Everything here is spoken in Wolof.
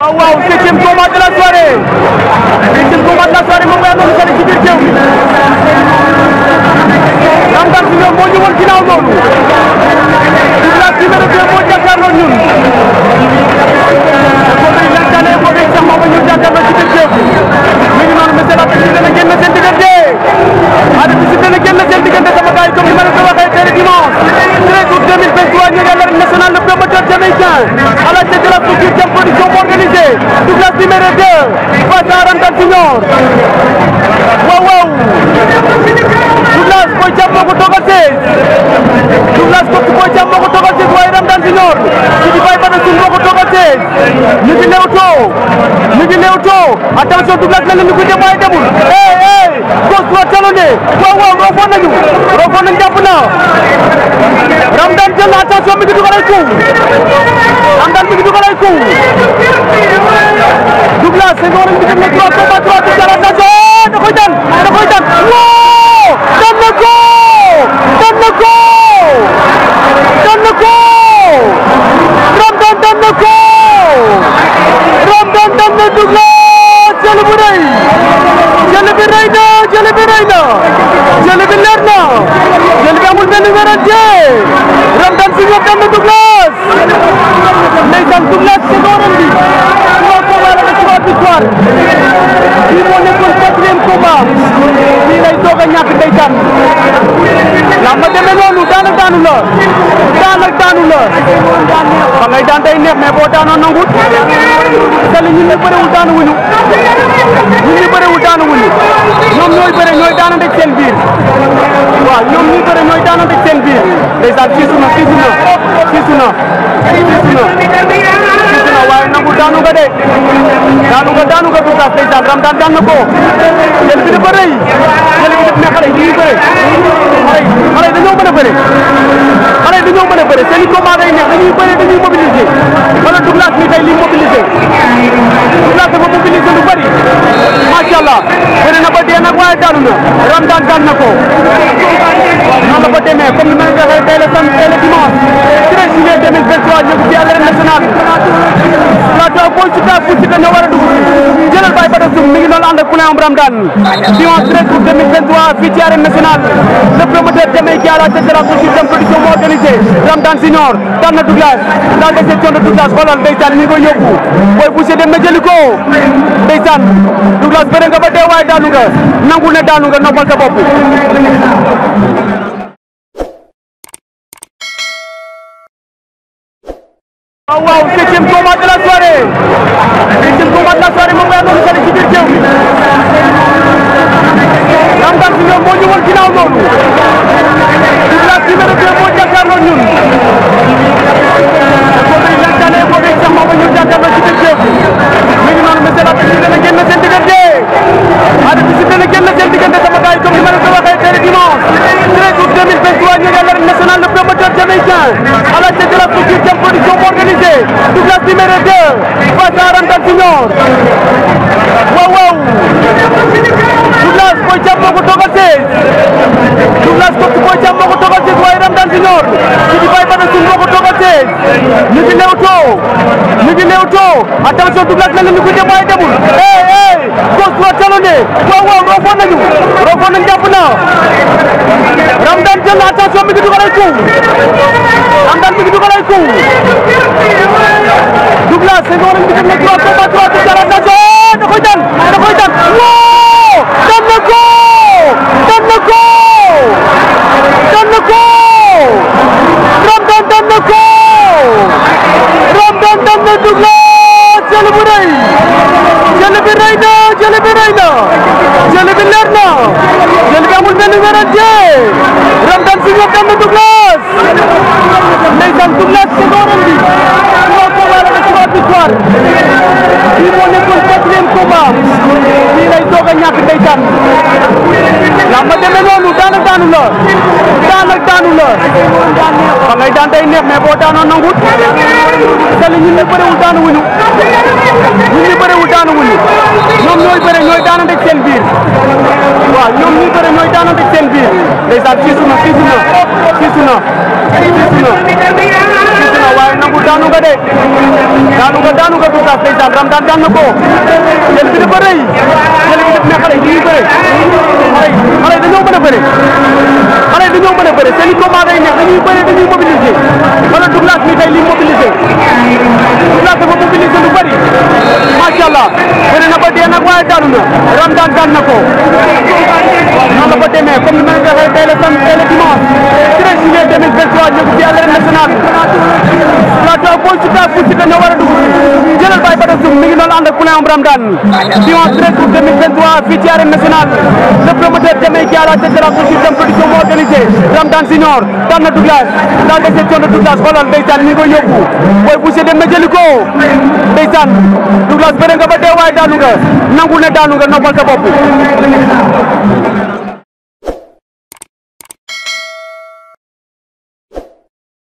waaw waaw septième combat de la soirée septième combat de la soirée moom laa doon sori ci biir géew bi Dame Dame Junior moo ñëwoon ginnaaw noonu la numéro deux moo jàkkaarloo ñun boo koy jàkkaarloo boo koy sax moom ñu jàkkaarloo ci biir géew bi mi ngi noonu monsieur Lappé si dana génn seen diggante arbitre si dana génn seen diggante sama gars yi comme ni ma leen ko waxee tey dimanche 13 août 2023 ñu ngi à l'arène nationale le promoteur jamaïcain à la tête de la structure Jam Production numéro 2 Fataranta Junior waaw waaw Douglas Boy Thiam moo ko toogal siis Douglas Boy Thiam moo ko toogal siis waaye Ramdan Junior ci di bay bana sun moo ko toogal siis ñu ngi lewtoo ñu ngi lewtoo attention Douglas mel na ñu ko dem waaye demul eh eh gauche droite talonné waaw waaw roofoo nañu kon nag jàpp na Ramdan jël na attention mi ngi dugalay mi ngi dugalay kuw Douglas c'est bon mi ngi dem na trois combat trois koy dal da koy dal woo dem na ko dem na ko dem na ko Ramdan dem na ko Ramdan dem na na jël na jël na wérante ren dañ fi ñëpp dem na Douglas ndeysaan Douglas saison ren bi trois combats la trois victoire kii moo nekkoon quatrième combat kii lay doog a ñàkk ndeysaan la ma demee noonu daan ak daanu la daan ak daanu la fa daan day neex mais boo daanoo nangut te li ñun ñu daanu wuñu tiisu na tiisu na tiisu na tiisu na waaye nangu daanu de daanu nga daanu nga Gosaas ndeysaan Ramdaan daan na ko jël bi dafa rëy jël bi def ne xale yi bëre xale yi dañoo mën a bëre xale yi dañoo mën a bëre seen i combat day neex dañuy bëre mi tey li mobilisé Douglas dafa mobilisé ba dee nag waaye daan na ko final plateau boo ci taa bu ci dañoo a dugg jëlal Baye Bada Soum mi ngi doon ànd ak Poulain Ombrane Dane dimanche 13 août 2023 fii ci arène nationale le promoteur Deme Diarra te Diarra Couture dem production moo organisé Ramdan Senior daan na Douglas la déception de Douglas xoolal ndeysaan mi ngi koy yóbbu booy boucher dem na jëli ko ndeysaan Douglas bëre nga ba dee waaye daanu nga nangu ne daanu nga noppal sa bopp waaw waaw septième combat de la soirée septième combat de la soirée moom nga doon sori ci biir numéro 2 Fataranta Junior waaw waaw Douglas Boy Thiam moo ko toogal sées Douglas Boy Thiam moo ko toogal sées waaye Ramdan Junior ci di Baye Bada Soum moo ko toogal sées ñu ngi Leewtoo ñu ngi Leewtoo attention Douglas mel na ñu ko dem waaye demul eh eh gauche droite talonné waaw waaw rofoon nañu rofoon nañu jàpp naa Abdel attention mi ngi dugalal coup Hamdan mi ngi dugalal coup Douglas Senghor mi ngi dugalal coup attention da koy dal da koy dal moom su nekk sa dooram bi sama combat la sama victoire kii moo nekkoon quatrième combat kii lay doog a ñàkk ndeysaan la ma demee noonu daan ak daanu la daan ak daanu la fa daan day neex mais boo daanoo nangut sali ñun ñu bëriwul daanu wuñu ñun ñu bëriwul daanu wuñu ñoom ñooy bëre ñooy daanante ak seen biir waaw ñoom ñuy bëre ñooy daanante ak seen biir ndeysaan siisu na siisu na siisu na siisu na दानूगढ़ है दानूगढ़ दानूगढ़ तो रास्ते चल रमजान जान नको चल कितने चल खड़े ही दिनों दिनों को मार नहीं नहीं पर नहीं मोबिलिटी से मतलब टुकला से मिठाई ली मोबिलिटी से टुकला से मोबिलिटी माशाल्लाह मेरे ना बटे ना कोई डालू ना रमजान जान नको ना बटे में कम पहले सम पहले की सीधे कुछ combat bu Siteu ñoo war a dugg jëlal Baye Bada Soum mi ngi doon ànd ak Poulain Ambram daan dimanche 13 août 2023 fii ci arène nationale le promoteur Jamay Diarra te dara ko ci dem production moo organisé Ramdan Senior daan na Douglas daan na section de Douglas xoolal ndeysaan mi ngi koy yóbbu booy bu Siteu dem na jëli ko ndeysaan Douglas bëre nga ba dee waaye daanu nga nangu ne daanu nga noppal sa bopp